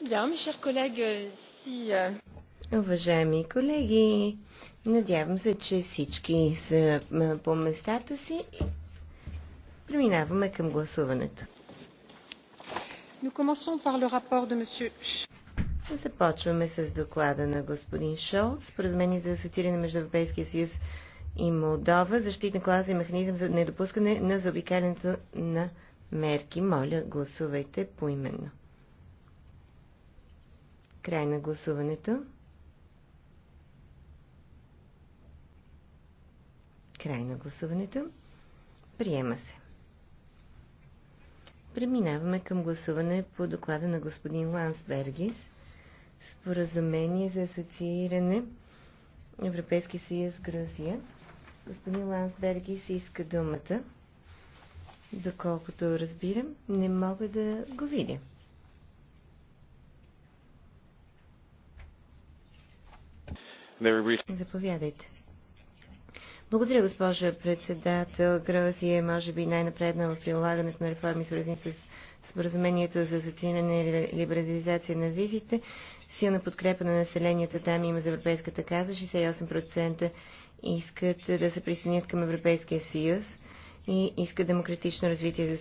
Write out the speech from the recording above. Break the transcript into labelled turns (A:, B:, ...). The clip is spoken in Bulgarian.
A: Euh,
B: Уважаеми колеги, надявам се, че всички са по местата си. Преминаваме към гласуването. Започваме с доклада на господин Шолц. Споразумение за асоцииране между Европейския съюз и Молдова. Защитна класа и механизъм за недопускане на заобикалянето на мерки. Моля, гласувайте поименно. Край на гласуването. Край на гласуването. Приема се. Преминаваме към гласуване по доклада на господин Лансбергис. Споразумение за асоцииране Европейски съюз Грузия. Господин Лансбергис иска думата. Доколкото разбирам, не мога да го видя. Заповядайте. Благодаря, госпожа председател. Грозия е, може би, най-напредна в прилагането на реформи, свързани с споразумението за асоцииране и либерализация на визите. Силна подкрепа на населението там има за Европейската каза. 68% искат да се присъединят към Европейския съюз и искат демократично развитие за